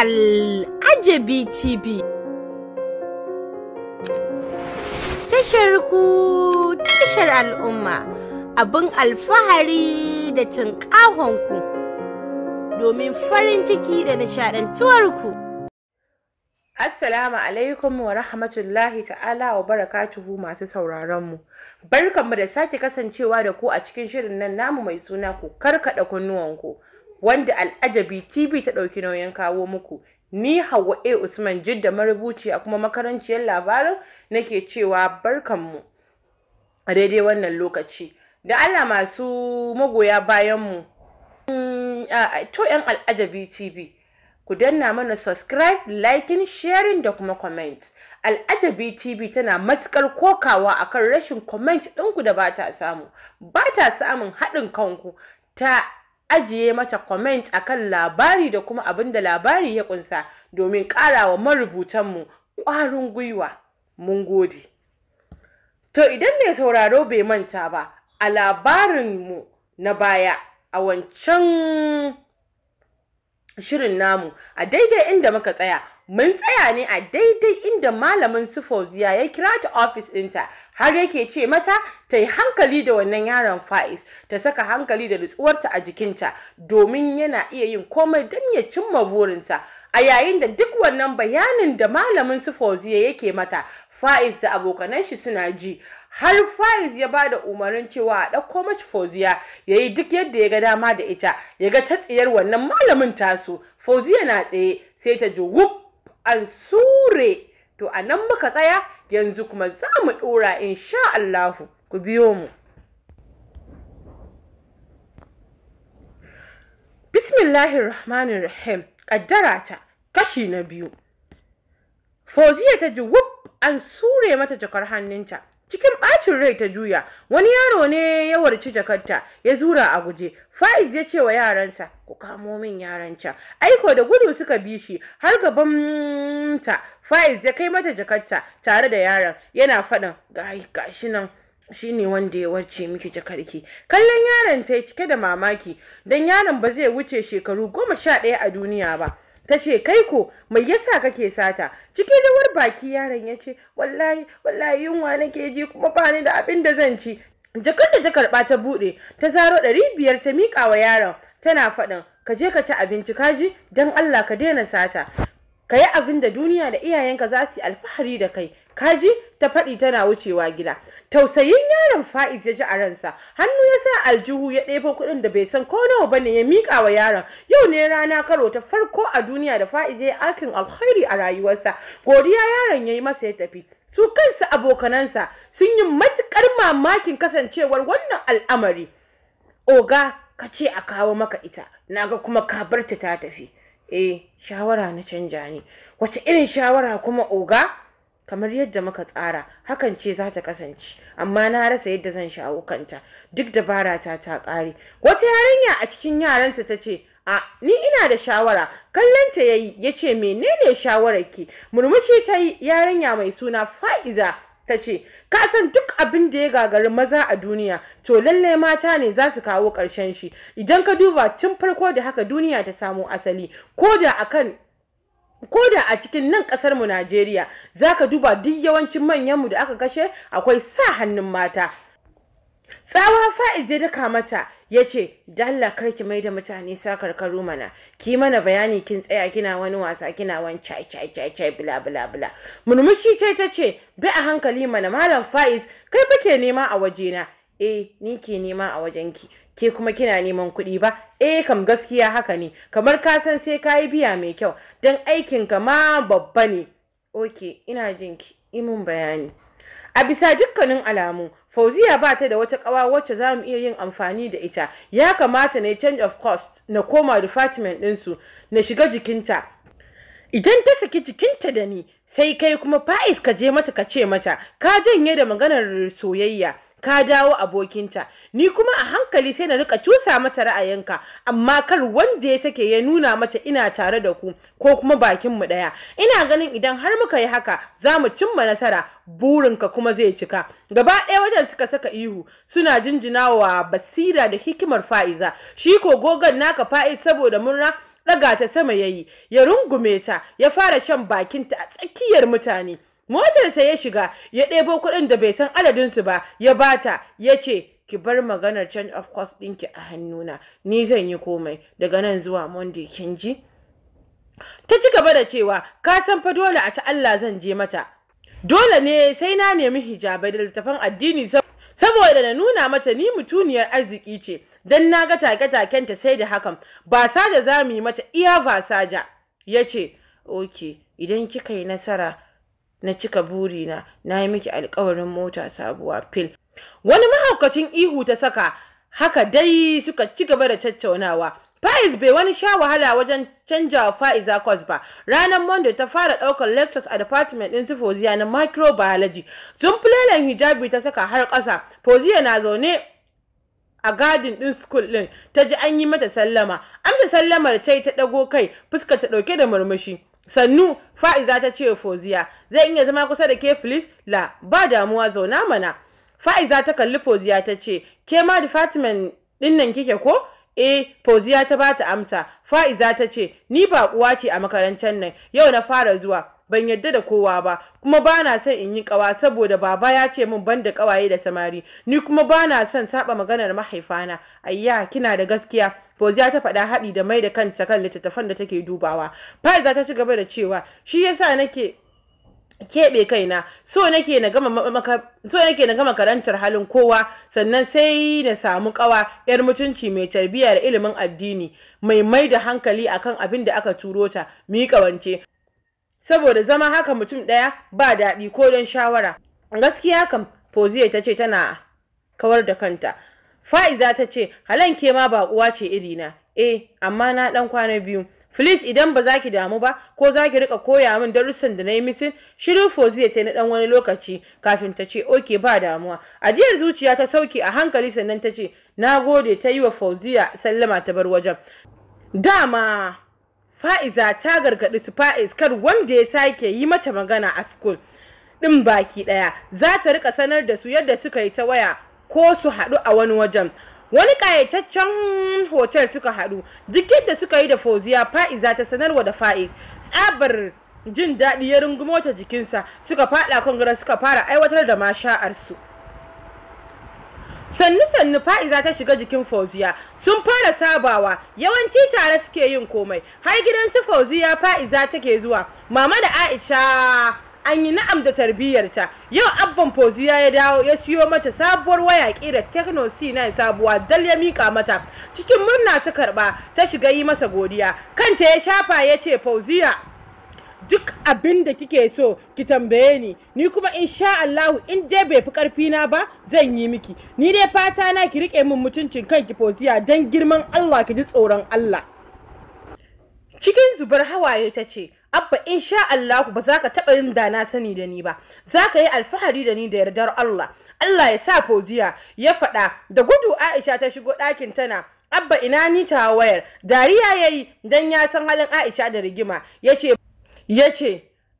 Al'ajabi TV. Tashar ku tashar al'umma abin alfahari da cin ku domin farin ciki da ku. Assalamu alaikum wa rahmatullahi ta'ala wa barakatuhu masu sauraron mu. Barkanmu da sake kasancewa da ku a cikin shirin nan namu mai suna ku karkada kunnuwanku. wanda Al'ajabi TV ta ɗauki nauyin kawo muku. Ni Hauwa A Usman Jidda a kuma makaranciyar labarin nake cewa barkanmu a daidai wannan lokaci. Da Allah masu magoya bayanmu mm, to 'yan Al'ajabi TV. ku danna mana subscribe, liking, sharing da kuma comment. Al'ajabi TV tana matukar kokawa akan rashin comment ɗinku da ba ta samu, ba ta samun haɗin kanku ta ajiye mata comment kan labari da kuma abin da labari ya kunsa domin wa marubutanmu ƙwarin gwiwa mun gode to idan mai sauraro bai manta ba a labarinmu na baya a wancan shirin namu a daidai inda muka tsaya mun tsaya ne a daidai inda malamin su Fauziya ya kira ta ofis ɗinta har yake ce mata ta yi hankali da wannan yaron Faiz ta saka hankali da nutsuwarta a jikinta domin yana iya yin komai don ya cimma burinsa a yayin da duk wannan bayanin da malamin su Fauziya yake mata fais da abokanan shi suna ji har Faiz ya ba da umarnin cewa a ɗauko mace Fauziya ya yi duk yadda ya ga dama da ita ya ga ta tsiyar wannan malamin tasu Fauziya na tsaye sai ta ji wuf Ansure. To a nan muka tsaya yanzu kuma za mu ɗora insha Allahu ku biyo mu. Bismillahir Rahmanir Rahim ƙaddara ta kashi na biyu. Fauziya ta ji an sure mata jakar hannunta cikin ɓacin rai ta juya wani yaro ne ya warci jakarta ya zura a guje fa'iz ya ce wa yaransa ku kamo min yaran aiko da gudu suka bi shi har gaban ta fa'iz ya kai mata jakarta tare da yaron yana faɗin gashi nan shi ne wanda ya warce miki jakarki kallon yaron ta cike da mamaki don yaron ba zai wuce shekaru goma sha ɗaya a duniya ba ta ce kai ko mai yasa kake sata cikin rawar baki yaron ya ce wallahi wallahi yunwa nake ji kuma bani da abin da zan ci jakar da ta karɓa ta buɗe ta zaro ɗari biyar ta miƙa wa yaron tana faɗin ka je ka ci abinci kaji don allah ka daina sata ka yi abin da duniya da iyayenka za su yi alfahari da kai kaji ta faɗi tana wucewa gida tausayin yaron fa'iz ya ji a ransa hannu ya sa aljihu ya ɗebo kuɗin da bai san ko nawa ba ne ya miƙa wa yaron yau ne rana karo ta farko a duniya da fa'iz ya yi alkin alkhairi a rayuwarsa godiya yaron ya yi masa ya tafi su kansu abokanansa sun yi matuƙar mamakin kasancewar wannan al'amari oga ka ce a kawo maka ita Na ga kuma ka barta ta tafi eh shawara na canja ne wace irin shawara kuma oga kamar yadda muka tsara hakan ce za ta kasance amma na rasa yadda zan shawo kanta duk dabara ta ta ƙare wata yarinya a cikin yaranta ta ce a ni ina da shawara kallonta yayi ya ce menene shawarar ke?' murmushi ta yi yarinya mai suna fa'iza ta ce ka san duk abin da ya gagari maza a duniya to lallai mata ne za su kawo ƙarshen shi idan ka duba tun farko da haka duniya ta samo asali ko da akan ko da a cikin nan kasar mu Najeriya zaka duba duk yawancin manyan mu da aka kashe akwai sa hannun mata tsawa fa'iz ya daka mata ya ce dalla karki mai da mutane sa karkaru mana ki mana bayani kin tsaya kina wani wasa kina wani chai-chai-chai chai bla bla bla murmushi ce ta ce bi a hankali mana malam fa'iz kai fa nema a waje na. eh ni ke nema a wajen ki. ke kuma kina neman kuɗi ba eh kam gaskiya haka ne kamar ka san sai ka yi biya mai kyau don aikin ka ma babba ne ok ina jin ki imin bayani a bisa dukkanin alamu fauziya ba ta da wata kawa wacce za mu iya yin amfani da ita ya kamata na change of cost na koma department ɗinsu na shiga jikinta idan ta saki jikinta da ni sai kai kuma fa'is ka je mata ka ce mata ka janye da maganar soyayya ka dawo abokinta ni kuma a hankali sai na rika cusa mata ra'ayinka amma kar wanda ya sake ya nuna mata ina tare da ku ko kuma bakin mu daya ina ganin idan har muka yi haka za mu cimma nasara burinka kuma zai cika gaba ɗaya wajen suka saka ihu suna jinjina wa basira da hikimar fa'iza shi ko gogon naka fa'iz saboda murna ɗaga ta sama yayi ya rungume ta ya fara shan bakinta a tsakiyar mutane motarsa ya shiga ya ɗebo kuɗin da bai san adadinsu ba ya bata ya ce ki bar maganar change of course ɗinki a hannuna ni zan yi komai daga nan zuwa monday kin ji ta ci gaba da cewa ka san fa dole a ci allah zan je mata dole ne sai na nemi hijabai da littafan addini saboda na nuna mata ni mutuniyar arziki ce don na ga take-takenta sai da hakan ba saja za mu yi mata iya fasaja yace ya ce ok idan kika yi nasara na cika burina na yi miki alkawarin mota sabuwa fil wani mahaukacin ihu ta saka haka dai suka ci gaba da tattaunawa Faiz bai wani sha wahala wajen canja wa Faiza course ba. Ranar Monday ta fara ɗaukar lectures a department ɗin su Fozia na microbiology. Sun hijabi ta saka har ƙasa. Fozia na zaune a gadin ɗin school ɗin ta ji an yi mata sallama. Amsa sallamar ta yi ta ɗago kai fuska ta ɗauke da murmushi. sannu fa'iza ta ce foziya zai iya zama kusa da ke filis la ba damuwa zauna mana fa'iza ta kalli foziya ta ce ke ma department din nan kike ko e eh, foziya ta bata amsa fa'iza ta ce ni ba kuwa ce a makarantar nan yau na fara zuwa ban yadda da kowa ba kuma ba na son in yi kawa saboda baba ya ce min ban da kawaye da samari ni kuma ba na son saba maganar mahaifana ayya kina da gaskiya Fauziya ta faɗa haɗi da mai da kanta kan littattafan da take dubawa. Faiza ta ci gaba da cewa shi yasa nake keɓe kaina so nake na gama karantar halin kowa sannan sai na samu ƙawa yar mutunci mai tarbiyya da ilimin addini mai mai da hankali akan abin da aka turo ta mu ƙawance saboda zama haka mutum ɗaya ba daɗi ko don shawara gaskiya kam fozia ta ce tana kawar da kanta Fa'iza ta ce, Halan ke ma ba uwa ce irina, eh, amma na ɗan kwana biyu. Filis idan ba za ki damu ba ko za ki rika koya min darussan da na yi misin Shirin Fozia ta na dan wani lokaci kafin ta ce oke ba damuwa. Ajiyar zuciya ta sauke a hankali sannan ta ce na gode ta yi wa Fauziya sallama ta bar wajen. Dama Fa'iza ta gargaɗi su Fa'iz kar wanda ya sake yi mata magana a school. ɗin baki ɗaya za ta rika sanar da su yadda suka yi ta waya ko su haɗu a wani wajen wani ƙayataccen hotel suka haɗu duk yadda suka yi da fauziya fa'iza ta sanarwa da fa'iz tsabar jin daɗi ya rungumo ta jikinsa suka faɗa kan gara suka fara aiwatar da masha'arsu sannu sannu fa'iza ta shiga jikin fauziya sun fara sabawa yawanci tare suke yin komai har gidan su fauziya fa'iza take zuwa mama da aisha an yi na'am da tarbiyyarta yau abban foziya ya dawo ya siyo mata sabuwar waya kira techno c9 sabuwa dal ya mika mata cikin murna ta karba ta shiga yi masa godiya kanta ya shafa ya ce fauziya duk abin da kike so ki tambaye ni ni kuma insha Allahu in dai bai fi karfi na ba zan yi miki ni dai fata na ki rike min mutuncin kanki foziya dan girman Allah ki ji tsoron Allah cikin zubar hawaye ta ce abba sha Allah ba za ka taɓa yin da na sani da ni ba za ka yi alfahari da ni da yardar Allah Allah ya sa foziya ya faɗa da gudu Aisha ta shigo ɗakin tana abba ina ni ta wayar dariya ya yi don ya san halin Aisha da rigima ya ce ya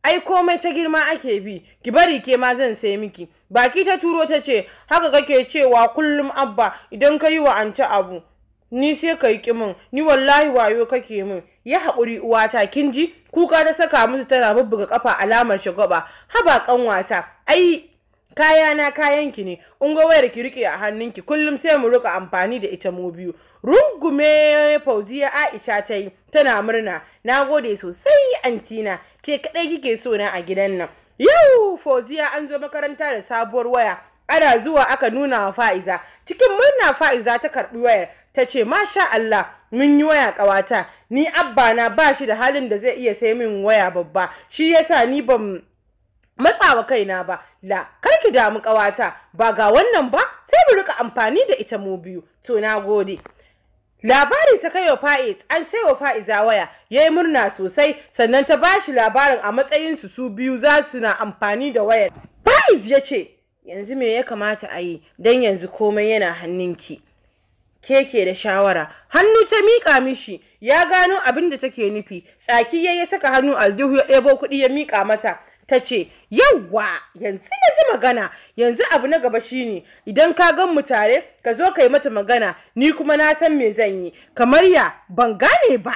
ai komai ta girma ake bi ki bari ke ma zan sai miki baki ta turo ta ce haka kake cewa kullum abba idan ka yi wa anta abu ni sai ka yi kimin ni wallahi wayo kake min ya haƙuri uwata kin ji kuka ta saka musu tana bubbuga kafa alamar shagwaba haba kanwata ai kayana kayanki ne in wayar ki rike a hannunki kullum sai mu rika amfani da ita mu biyu rungume fauziya aisha ta yi tana murna na gode sosai antina ke kaɗai kike so na a gidan nan yau fauziya an zo makaranta da sabuwar waya ana zuwa aka nuna wa fa'iza cikin murna fa'iza ta karbi wayar ta ce masha Allah mun yi waya ƙawata ni abba na ba shi da halin da zai iya sai min waya babba shi yasa ni ban matsawa kaina ba la kar ki damu ƙawata ba ga wannan ba sai mu rika amfani da ita mu biyu to na gode labari ta kai wa fa'iz an sai wa fa'iza waya yayi murna sosai sannan ta bashi labarin a matsayinsu su biyu za su na amfani da wayar fa'iz ya ce yanzu me ya kamata a yi don yanzu komai yana hannunki keke da shawara hannu ta miƙa mishi ya gano abin da take nufi tsaki ya ya saka hannu aljihu ya ɗebo kuɗi ya miƙa mata ta ce yawwa yanzu ya ji magana yanzu abu na gaba shine idan ka gan mu tare ka zo ka yi mata magana ni kuma na san me zan yi kamar ya ban gane ba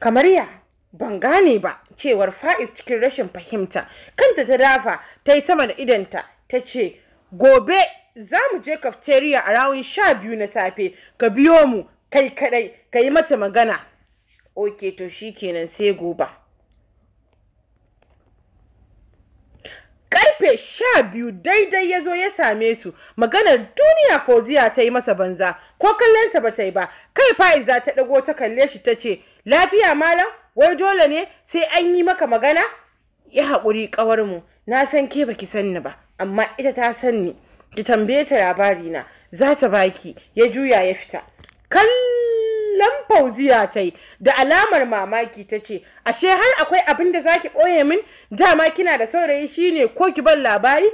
kamar ya ban gane ba cewar fais cikin rashin fahimta kanta ta dafa ta yi sama da idanta ta ce gobe za mu je Kafteriya a rawun sha biyu na safe ka biyo mu kai kadai ka yi mata magana ok to shi kenan sai gobe karfe sha biyu daidai ya zo ya same su maganar duniya ko ziya ta yi masa banza ko kallonsa ba ta yi ba kai fa'iza ta ɗago ta kalle shi ta ce lafiya malam wai dole ne sai an yi maka magana ya haƙuri ƙawar mu na san ke baki sanni ba amma ita ta sanni ki tambaye ta labari na za ta baki ya juya ya fita kallon fauziya ta yi da alamar mamaki ta ce ashe har akwai abin da za ki ɓoye min dama kina da saurayi shine ko ki ban labari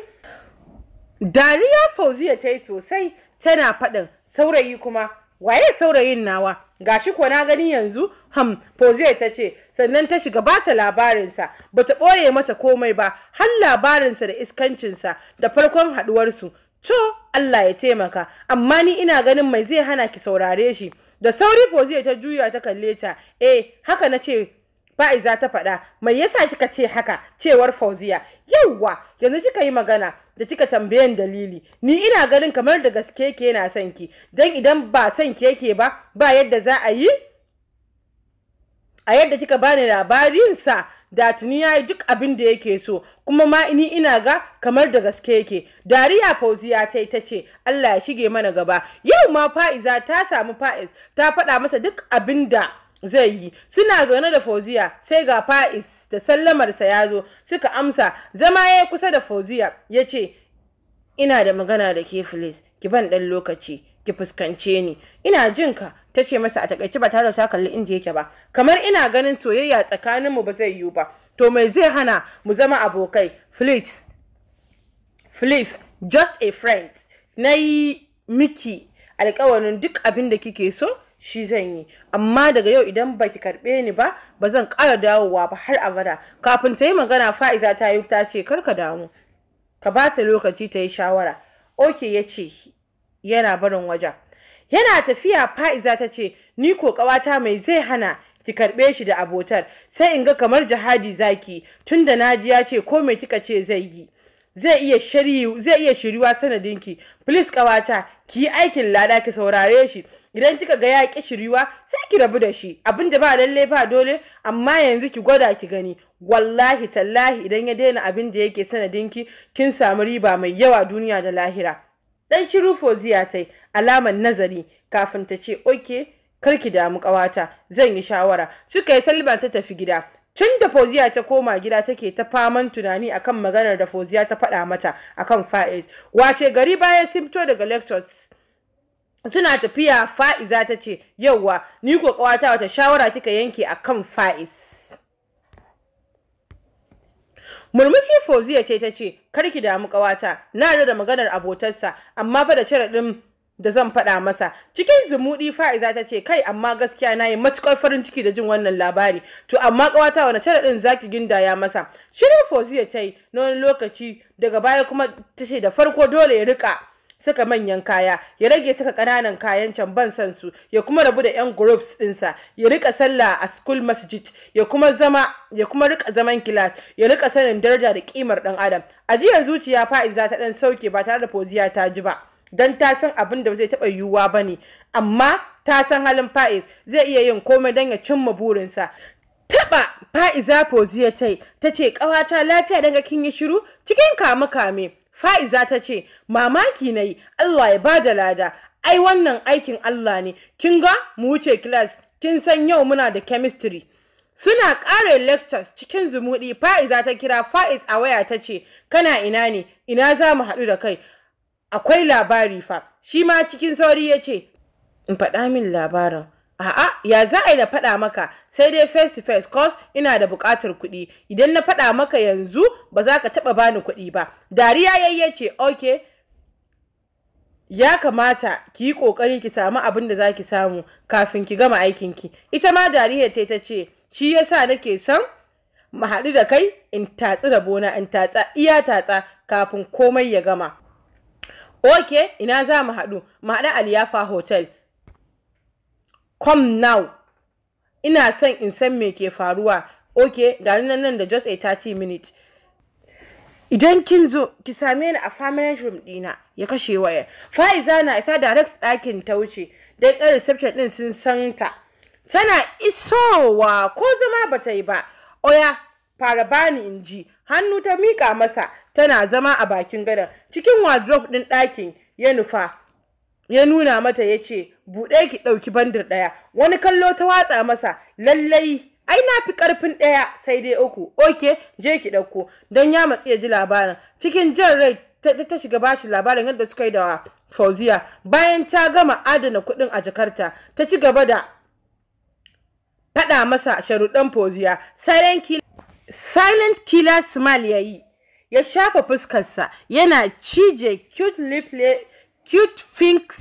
dariya fauziya ta yi sosai tana faɗin saurayi kuma waye saurayin nawa gashi ko na gani yanzu ham Fozia ta ce sannan ta shiga bata labarinsa ta ɓoye mata komai ba har labarinsa da iskancinsa da farkon haɗuwarsu to Allah ya taimaka amma ni ina ganin mai zai hana ki saurare shi da sauri Fozia ta juya ta kalle ta eh haka na ce Fa'iza ta faɗa, mai yasa kika ce haka cewar Fauziya, yauwa yanzu kika yi magana da kika tambayan dalili, ni ina ganin kamar da gaske ke na son ki, dan idan ba son ki yake ba, ba yadda za a yi? A yadda kika bani labarin sa da tuni yayi duk abin da yake so, kuma ma ni ina ga kamar da gaske yake. Dariya Fauziya ta ta ce, Allah ya shige mana gaba, yau ma Fa'iza ta samu Fa'iz ta faɗa masa duk abin da zai yi suna zaune da fauziya sai ga fa'is da sallamarsa ya zo suka amsa zama ya kusa da fauziya ya ce ina da magana da ke filis ki ban ɗan lokaci ki fuskance ni ina jin ka ta ce masa a takaice ba tare da ta kalli inda yake ba kamar ina ganin soyayya tsakaninmu ba zai yiwu ba to mai zai hana mu zama abokai filis filis just a friend na yi miki alkawarin duk abin da kike so shi zan yi amma daga yau idan baki karbe ni ba ba zan ƙara dawowa ba har abada kafin ta yi magana fa'iza ta yi ta ce kar ka damu ka ba ta lokaci ta yi shawara oke ya ce yana barin wajen yana tafiya fa'iza ta ce ni ko ƙawata mai zai hana ki karɓe shi da abotar sai in ga kamar jihadi zaki tunda naji ya ce ko mai kika ce zai yi zai iya shiriyu zai iya shiriwa sanadinki please kawata ki yi aikin lada ki saurare shi idan kika ga ya ki sai ki rabu da shi abin da ba lalle ba dole amma yanzu ki gwada ki gani wallahi tallahi idan ya daina abin da yake ki, kin samu riba mai yawa duniya da lahira dan shiru foziya tai alamar nazari kafin ta ce okay kar ki damu kawata zan yi shawara suka yi salma ta tafi gida tun da Fauziya ta koma gida take ta faman tunani akan maganar da Fauziya ta faɗa mata akan Faiz washe gari baya sun fito daga lectures suna tafiya fa'iza ta ce yauwa ni ko kawata wata shawara kika yanke akan fa'iz murmushi foziya ce ta ce karki damu kawata na da maganar abotarsa amma fa da sharaɗin da zan faɗa masa cikin zumuɗi fa'iza ta ce kai amma gaskiya na yi matukar farin ciki da jin wannan labari to amma ƙawata wani ɗin zaki gindaya masa shirin foziya ta yi na wani lokaci daga baya kuma ta ce da farko dole ya rika saka manyan kaya ya rage saka ƙananan kayan can ban san su ya kuma rabu da yan groups ɗinsa ya rika sallah a school masjid ya kuma zama ya kuma rika zaman kilas ya rika sanin daraja da kimar ɗan adam a ajiyar zuciya fa'iza ta ɗan sauke ba tare da foziya ta ji ba don ta san abin da zai taɓa yiwuwa ba ne amma ta san halin fa'iz zai iya yin komai don ya cimma burinsa taɓa fa'iza poziya ta yi ta ce ƙawata lafiya daga kin yi shiru cikin kame-kame fa'iza ta ce mamaki na yi allah ya ba da lada ai wannan aikin allah ne kin ga mu wuce kilas kin san yau muna da chemistry suna ƙare lectures cikin zumuɗi fa'iza ta kira fa'iz a waya ta ce kana ina ne ina za mu haɗu da kai akwai labari fa shi ma cikin sauri ya ce in faɗa min labarin a'a ya za a yi na faɗa maka sai dai face to face cos ina da buƙatar kuɗi idan na faɗa maka yanzu ba za ka taɓa bani kuɗi ba dariya ya ya ce ok ya kamata ki yi ƙoƙari ki samu abin da za ki samu kafin ki gama aikinki ita ma dariya ta ta ce shi ya yasa nake son mu haɗu da kai in tatsi rabona in tatsa iya tatsa kafin komai ya gama ok ina za mu haɗu mu haɗu liyafa hotel come now ina son in san me ke faruwa oke ga nan nan da just a 30 minutes idan kin zo ki same ni a family room ɗina. ya kashe waya fa'iza na ita direct ɗakin ta wuce dai ɗan reception ɗin sun san ta tana isowa ko zama bata yi ba oya fara bani in ji hannu ta miƙa masa tana zama a bakin gadon cikin wardrop ɗin ɗakin ya nufa ya nuna mata ya ce buɗe ki ɗauki bandir ɗaya wani kallo ta watsa masa lallai ai na fi ƙarfin ɗaya sai dai uku oke je ki ɗauko don ya matsi ya ji labarin cikin jan rai ta shiga bashi labarin yadda suka yi da fauziya bayan ta gama adana kuɗin a jakarta ta ci gaba da faɗa masa sharuɗan fauziya sai yanki silent killer smile ya ya shafa fuskarsa yana cije cute lip le, cute finks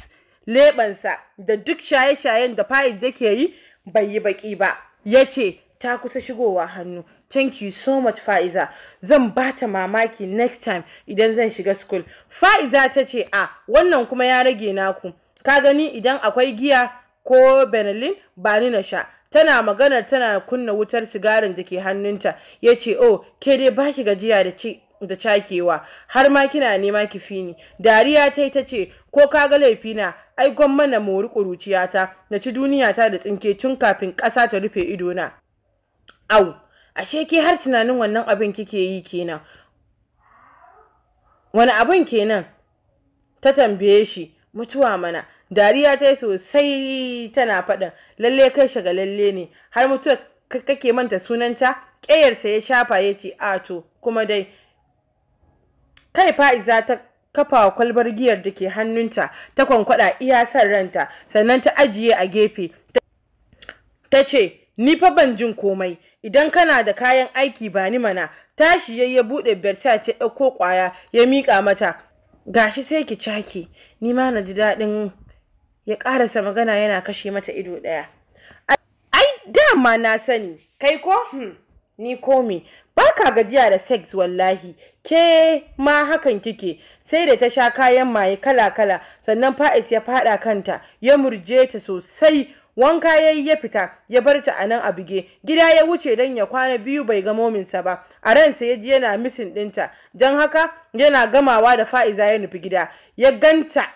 lebansa da duk shaye-shayen da Faiz yake yi bai yi baki ba ya ce ta kusa shigowa hannu thank you so much fa'iza zan bata mamaki next time idan zan shiga school fa'iza ta ce a wannan kuma ya rage naku ka gani idan akwai giya ko benelin ba ni na sha tana maganar tana kunna wutar sigarin da ke hannunta ya ce oh ke dai baki gajiya da ce da cakewa har ma kina nema ki fini dariya ta ta ce ko ka ga na? ai mana mori ƙuruciyata na ci duniyata da tsinke tun kafin ƙasa ta rufe idona au ashe ke har tunanin wannan abin kike yi kenan wani abin kenan ta tambaye shi mutuwa mana dariya ta yi sosai tana faɗin lalle kai shiga lalle ne har mutuwa kake manta sunanta ƙeyarsa ya shafa ya ce to kuma dai kai fa'iza ta kafa kwalbar giyar da ke hannunta ta kwankwada iya son ranta sannan ta ajiye a gefe ta ce ni fa ban jin komai idan kana da kayan aiki ba ni mana tashi ya ya buɗe berta ce ɗauko ƙwaya ya miƙa mata gashi sai ki cake ni ma na ji daɗin ya ƙarasa magana yana kashe mata ido ɗaya ai dama na sani kai ko hmm. ni komi ba ka gajiya da sex wallahi ke ma hakan kike sai da ta sha kayan maye kala-kala sannan fa'is ya faɗa kanta ya murje ta sosai wanka ya yi ya fita ya bar ta a nan a buge gida ya wuce don ya kwana biyu bai ga mominsa ba a ransa ya ji yana misin ɗinta don haka yana gamawa da fa'iza ya nufi gida ya ganta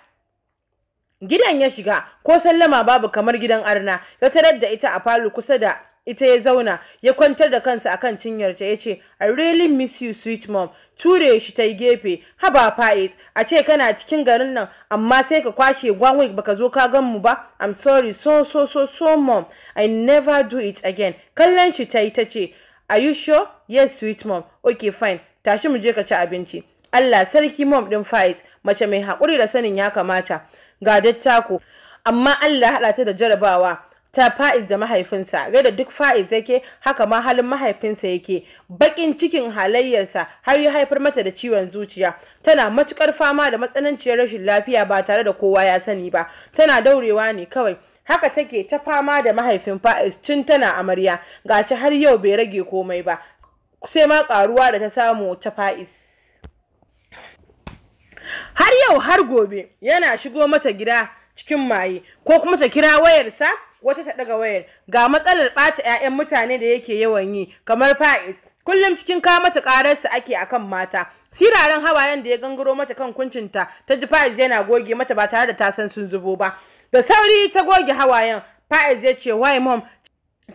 gidan ya shiga ko sallama babu kamar gidan arna ya tarar da ita a falo kusa da ita ya zauna ya kwantar da kansa akan cinyarta ya ce i really miss you sweet mom ture shi ta gefe haba faiz a ce kana cikin garin nan amma sai ka kwashe gwanwe baka zo ka gan mu ba i'm sorry so so so so mom i never do it again kallon shi ta yi ta ce are you sure yes sweet mom okay fine tashi mu je ka ci abinci Allah sarki mom din Faiz mace mai haƙuri da sanin ya kamata ga dattako amma Allah haɗa ta da jarabawa ta fa'iz da mahaifinsa Gada duk fa'iz yake haka ma halin mahaifinsa yake bakin cikin halayyarsa har ya haifar mata da ciwon zuciya tana matukar fama da matsananciyar rashin lafiya ba tare da kowa ya sani ba tana daurewa ne kawai haka take ta fama da mahaifin fa'iz tun tana amarya gaci har yau bai rage komai ba sai ma karuwa da ta samu ta fa'iz har yau har gobe yana shigo mata gida cikin maye ko kuma ta kira wayarsa wata ta daga wayar ga matsalar ɓata 'ya'yan mutane da yake yawan yi kamar Fa'id. kullum cikin ka mata ƙararsa ake akan mata siraren hawayen da ya gangaro mata kan kuncinta ta ji fa'id yana goge mata ba tare da ta san sun zubo ba da sauri ta goge hawayen Fa'id ya ce wai mom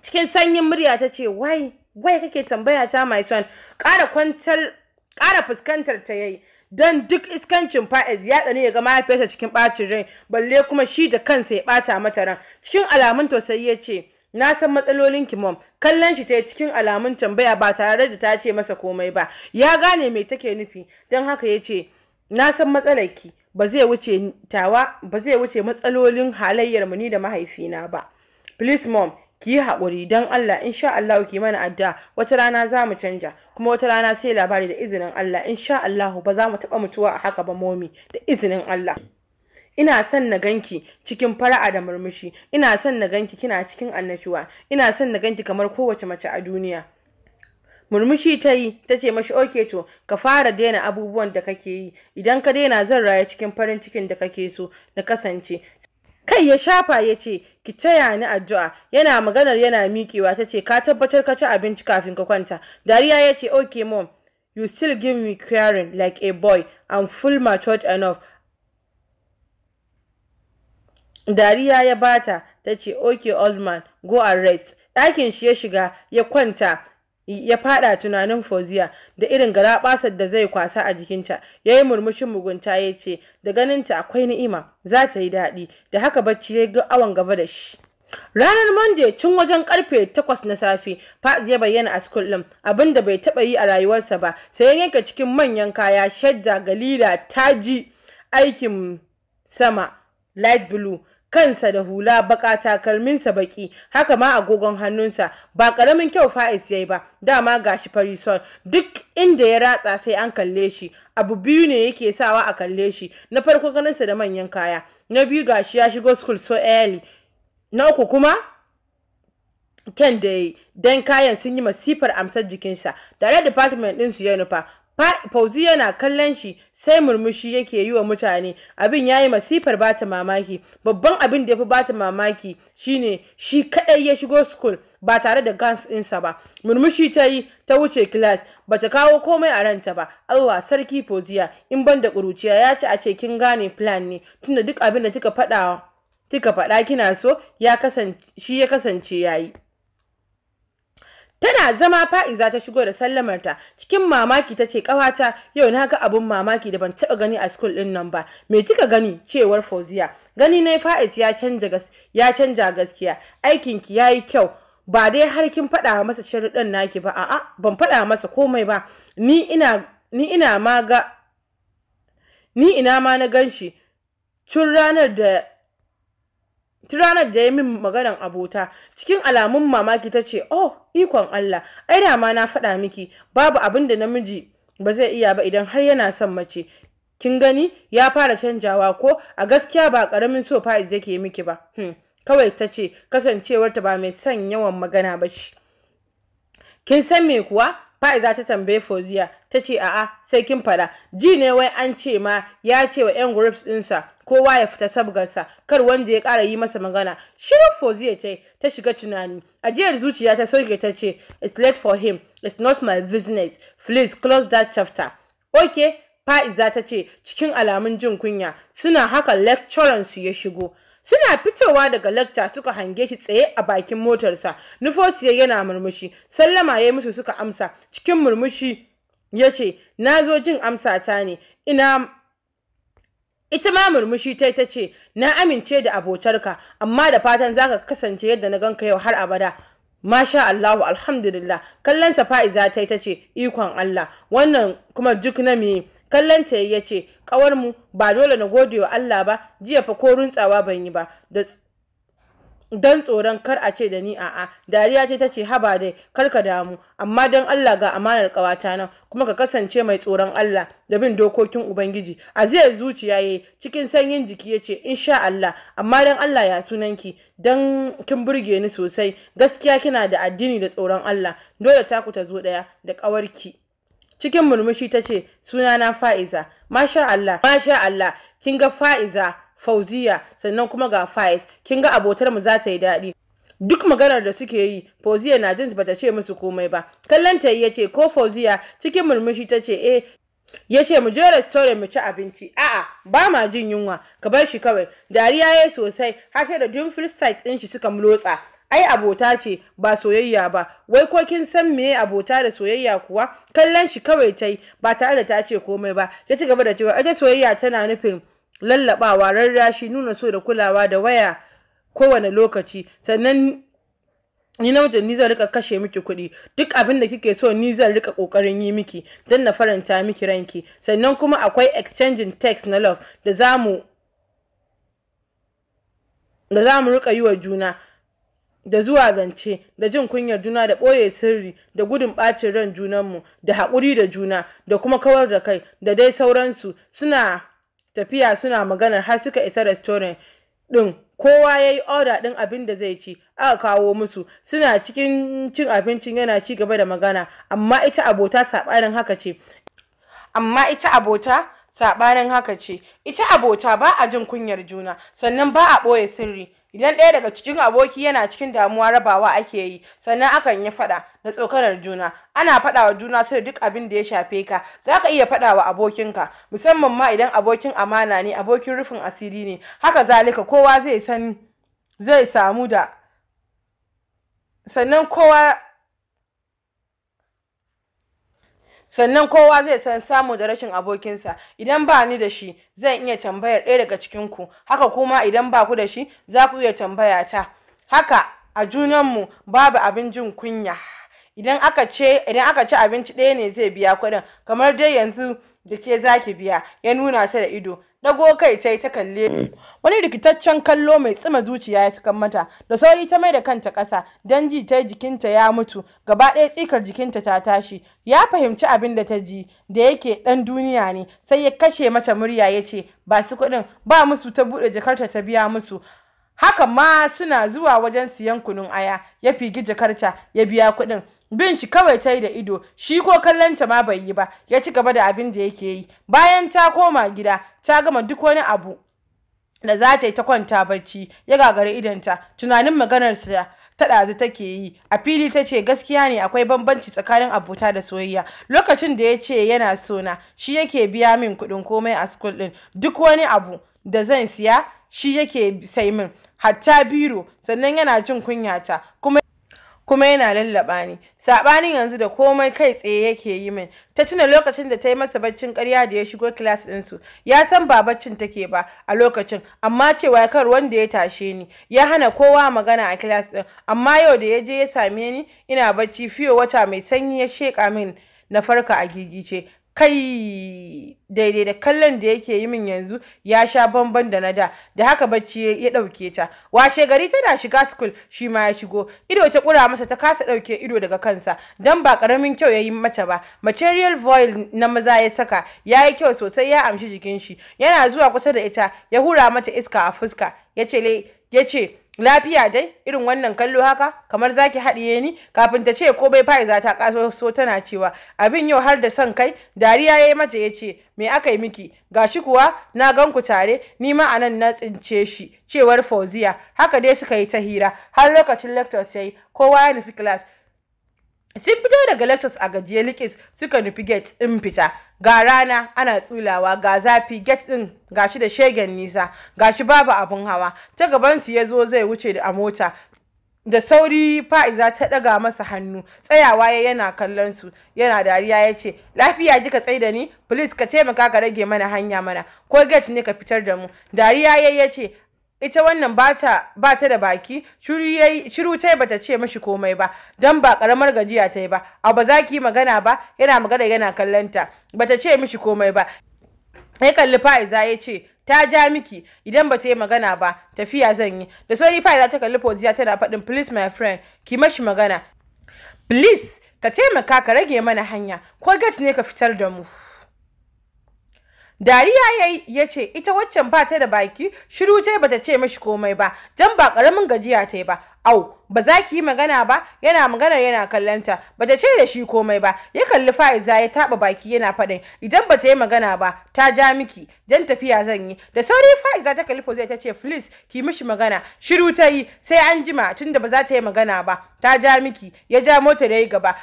cikin sanyin murya ta ce wai wai kake tambaya ta my son ƙara kwantar ƙara fuskantar ta yayi Don duk iskancin Faiz ya tsani ya ga mahaifiyarsa cikin ɓacin rai balle kuma shi da kansa ya ɓata mata ran cikin alamun tausayi ya ce na san matsalolin ki mom kallon shi ta cikin alamun tambaya ba tare da ta ce masa komai ba ya gane me take nufi don haka ya ce na san matsalar ki ba zai wuce matsalolin halayyar mu ni da mahaifina ba please mom ki yi haƙuri don Allah sha Allah ki mana adda wata rana za mu canja kuma wata rana sai labari da izinin Allah sha Allah ba za mu taɓa mutuwa a haka ba momi da izinin Allah ina son na ganki cikin fara'a da murmushi ina son na ganki kina cikin annashuwa ina son na ganki kamar kowace mace a duniya murmushi ta yi ta ce mashi oke to ka fara daina abubuwan da kake yi idan ka daina zan raya cikin farin cikin da kake so na kasance kai ya shafa ya ce ki taya ni addu'a yana maganar yana miƙewa ta ce ka tabbatar ka ci abinci kafin ka kwanta dariya ya ce okay mom you still give me caring like a boy I'm full matured enough dariya ya bata ta ce okay old man go and rest ɗakin shi ya shiga ya kwanta ya fada tunanin Fauziya da irin garabasar da zai kwasa a jikinta ya yi murmushin mugunta ya ce da ganinta akwai ni'ima za ta yi daɗi da haka bacci ya ga awon gaba da shi Ranar Monday tun wajen karfe 8 na safe, Faz ya bayyana a school din, abinda bai taba yi a rayuwarsa ba, sai yanka cikin manyan kaya shadda galila taji aikin sama light blue kansa da hula baka takalminsa baki haka ma agogon hannunsa ba karamin kyau fa'is yayi ba dama gashi farisol duk inda ya ratsa sai an kalle shi abu biyu ne yake sawa a kalle shi na farko ganinsa da manyan kaya na biyu gashi ya shigo school so early na uku kuma kyan da yi Dan kayan sun yi masifar amsar jikinsa tare department ɗinsu ya nufa Fauzi yana kallon shi sai murmushi yake yi wa mutane abin ya yi masifar bata mamaki babban abin da ya fi bata mamaki shine shi kadai ya shigo school ba tare da gans ɗinsa ba murmushi ta yi ta wuce class bata kawo komai a ranta ba Allah sarki Fauziya in ban da ƙuruciya ya ci a ce kin gane plan ne tunda duk abin da kika faɗa kina so ya kasance shi ya kasance yayi tana zama fa'iza ta shigo da sallamarta cikin mamaki ta ce ƙawata yau na ga abun mamaki da ban taɓa gani a school ɗin nan ba me kika gani cewar fauziya gani na fais ya canja gas ya canja gaskiya aikinki yayi kyau ba dai har kin faɗa masa sharuɗan naki ba a'a ban faɗa masa komai ba ni ina ni ina ma ga ni ina ma na ganshi tun ranar da ranar da ya min maganan abota cikin alamun mamaki ta ce, "Oh, ikon Allah, ai da ma na faɗa miki, babu abin da namiji ba zai iya ba idan har yana son mace. Kin gani ya fara canjawa ko a gaskiya ba ƙaramin so fa'iz yake miki ba." Hmm. Kawai ta ce, kasancewarta ba mai son yawan magana ba shi. Kin san me kuwa Fa'iza ta tambaye Foziya ta ce a'a sai kin fada ji ne wai an ce ma ya ce wa 'yan groups dinsa kowa ya fita sabgarsa kar wanda ya ƙara yi masa magana shirin Foziya ta ta shiga tunani ajiyar zuciya ta sauke ta ce it's late for him it's not my business please close that chapter okay Fa'iza ta ce cikin alamun jin kunya suna haka lecturer su ya shigo suna fitowa daga lakta suka hange shi tsaye a bakin motarsa nufosiye yana murmushi sallama ya musu suka amsa cikin murmushi ya ce na zo jin amsata ne ina ita ma murmushi ta ta ce na amince da abotarka amma da fatan za ka kasance yadda na ganka yau har abada masha Allahu alhamdulillah kallon sa fa'iza ta ta ce ikon Allah wannan kuma duk na me kallon ta ya ce kawar mu ba dole na gode wa Allah ba jiya fa ko runtsawa ban yi ba don tsoron kar a ce da ni a'a dariya ce ta ce haba dai kar ka damu amma don Allah ga amanar kawata nan kuma ka kasance mai tsoron Allah da bin dokokin ubangiji aziyar zuciya yayi cikin sanyin jiki ya ce insha Allah amma don Allah ya sunanki don kin burge ni sosai gaskiya kina da addini da tsoron Allah dole ta ku ta zo ɗaya da kawarki cikin murmushi ta ce sunana fa'iza masha Allah masha Allah kin ga fa'iza fauziya sannan kuma ga faiz kin ga abotar mu za ta yi daɗi duk maganar da suke yi fauziya na jin bata ce musu komai ba kallon ta ya ce ko fauziya cikin murmushi ta ce eh ya ce mu je restaurant mu ci abinci a'a ba ma jin yunwa ka bar shi kawai dariya ya sosai har sai da dun free site ɗin shi suka mulotsa ai abota ce ba soyayya ba wai ko kin san meye abota da soyayya kuwa kallon shi kawai ta yi ba tare da ta ce komai ba ta ci gaba da cewa ita soyayya tana nufin lallabawa rarrashi nuna so da kulawa da waya kowane lokaci sannan ni namijin ni zan rika kashe miki kuɗi duk abin da kike so ni zan rika kokarin yi miki don na faranta miki ranki sannan kuma akwai exchanging text na love da zamu da za rika yi wa juna da zuwa zance da jin kunyar juna da ɓoye sirri da gudun ɓacin ran junanmu da haƙuri da juna da kuma kawar da kai da dai sauransu suna tafiya suna maganar har suka isa restaurant ɗin kowa ya yi oda ɗin abin da zai ci aka kawo musu suna cikin cin abincin yana ci gaba da magana amma ita abota saɓanin haka ce amma ita abota saɓanin haka ce ita abota ba a jin kunyar juna sannan ba a ɓoye sirri idan ɗaya daga cikin aboki yana cikin damuwa rabawa ake yi sannan akan yi faɗa na tsokanar juna ana faɗa wa juna sai duk abin da ya shafe ka za ka iya faɗa wa abokinka musamman ma idan abokin amana ne abokin rufin asiri ne haka zalika kowa zai sani zai samu da sannan kowa sannan kowa zai san samu da rashin abokinsa idan ba ni da shi zan iya tambayar ɗaya daga cikinku haka kuma idan ba ku da shi za ku iya tambaya ta haka a junanmu babu abin jin kunya idan aka ce idan aka ci abinci ɗaya ne zai biya kuɗin kamar dai yanzu da ke zaki biya ya nuna ta da ido dago kai ta yi ta kalle mm. wani rikitaccen kallo mai tsima zuciya ya sukan mata da sauri ta mai da kanta ƙasa don ji ta jikinta ya mutu gaba ɗaya tsikar jikinta ta tashi ya fahimci abin da ta ji da yake ɗan duniya ne sai ya kashe mata murya ya ce ba su kuɗin ba musu ta buɗe jakarta ta biya musu haka ma suna zuwa wajen siyan kunun aya ya figi jakarta ya biya kuɗin bin shi kawai ta yi da ido shi ko kallonta ma bai yi ba ya ci gaba da abin da yake yi bayan ta koma gida ta gama duk wani abu da za ta yi ta kwanta barci, ya gagari idonta tunanin maganarsa ta ɗazu take yi a fili ta ce gaskiya ne akwai bambanci tsakanin abota da soyayya lokacin da ya ce yana sona shi yake biya min kuɗin komai a school ɗin duk wani abu da zan siya shi yake sai min hatta biro sannan yana jin kunyata kuma kuma yana lallaba ni sabanin yanzu da komai kai tsaye yake yi min ta tuna lokacin da ta yi masa baccin ƙarya da ya shigo kilas ɗinsu ya san ba baccin take ba a lokacin amma cewa kar wanda ya tashe ni ya hana kowa magana a kilas ɗin amma yau da ya je ya same ni ina bacci fiyo wata mai sanyi ya sheƙa min na farka a gigice kai daidai da kallon da yake yi min yanzu ya sha bamban da na da da haka bacci ya ɗauke ta washe gari tana shiga school shi ma ya shigo ido ta ƙura masa ta kasa ɗauke ido daga kansa dan ba ƙaramin kyau ya yi mata ba material voil na maza ya saka ya yi kyau sosai ya amshi jikin shi yana zuwa kusa da ita ya hura mata iska a fuska yace ya ce lafiya dai irin wannan kallo haka kamar zaki haɗiye ni kafin ta ce ko bai za ta kaso so tana cewa abin yau har da son kai dariya ya yi mata ya ce me aka yi miki shi kuwa na gan ku tare ni ma a nan na tsince shi cewar fauziya haka dai suka yi ta hira har lokacin lectures ya yi kowa ya nufi class sun fito daga lectures a gajiye likis suka nufi gate ɗin fita ga rana ana tsulawa ga zafi gate ɗin gashi da shegen nisa gashi babu abin hawa ta gabansu ya zo zai wuce a mota da sauri fa'iza ta ɗaga masa hannu tsayawa ya yana kallon su yana dariya ya ce lafiya jika tsai da ni please ka taimaka ka rage mana hanya mana ko gate ne ka fitar da mu dariya ya ce ita wannan bata bata da baki shiru ta yi bata ce mashi komai ba don ba karamar gajiya ta yi ba A ba za ki magana ba yana magana yana kallonta bata ce mashi komai ba ya kalli fa'iza ya ce ta ja miki idan ba ta yi magana ba tafiya zan yi da sauri fa'iza ta kalli poziya tana faɗin please my friend ki mashi magana please ka taimaka ka rage mana hanya ko gate ne ka fitar da mu Dariya ya ce ita waccan ba ta da baki shiru ce bata ce mashi komai ba jan ba karamin gajiya ta ba au ba za ki yi magana ba yana magana yana kallanta bata ce da shi komai ba ya kalli fa'iza ya taɓa baki yana faɗin idan bata yi magana ba ta ja miki jan tafiya zan yi da sauri fa'iza ta kalli zai ta ce please ki mishi magana shiru ta yi sai an jima tunda ba za ta yi magana ba ta ja miki ya ja mota da yi gaba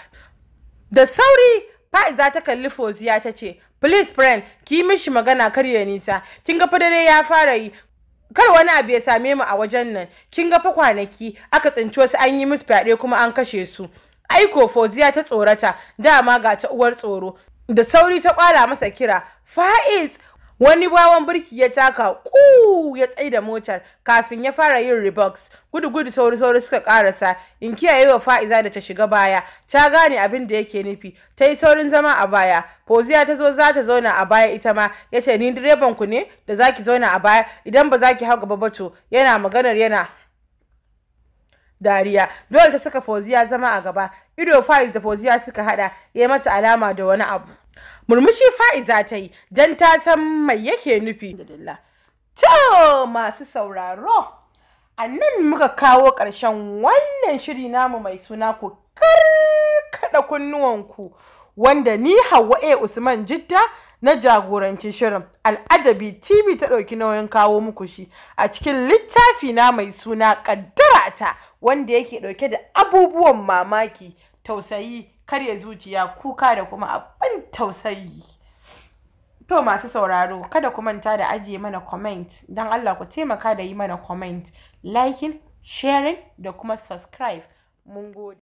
da sauri fa'iza ta kalli foziya ta ce Please friend, ki mishi magana kar ya nisa. Kin ga fa ya fara yi. Kar wani abu ya same mu a wajen nan. Kin ga fa kwanaki aka tsinci wasu an yi musu fyaɗe kuma an kashe su. Aiko Foziya ta tsorata, dama ga ta uwar tsoro. Da sauri ta kwala masa kira. Fa'iz, wani bawan birki ya taka ku ya tsai da motar kafin ya fara yin rebox gudu gudu sauri sauri suka karasa in kiyaye wa fa'iza da ta shiga baya ta gane abin da yake nufi ta yi saurin zama a baya Fauziya ta zo za ta zauna a baya ita ma ya ce ni direban ku ne da zaki zauna a baya idan ba zaki hau gaba ba to yana maganar yana dariya dole ta saka fauziya zama a gaba ido fa'iz da fauziya suka hada ya mata alama da wani abu murmushi fa'iza ta yi don ta san mai yake nufi to masu sauraro a nan muka kawo ƙarshen wannan shiri namu mai suna ku karkada kunnuwanku wanda ni hawa usman jidda na jagoranci shirin al'ajabi tv ta ɗauki nauyin kawo muku shi a cikin littafi na mai suna ƙaddara wanda yake ɗauke da abubuwan mamaki tausayi karya zuciya kuka da kuma abin tausayi to masu sauraro kada ku manta da ajiye mana comment don allah ku taimaka da yi mana comment liking sharing da kuma subscribe mun gode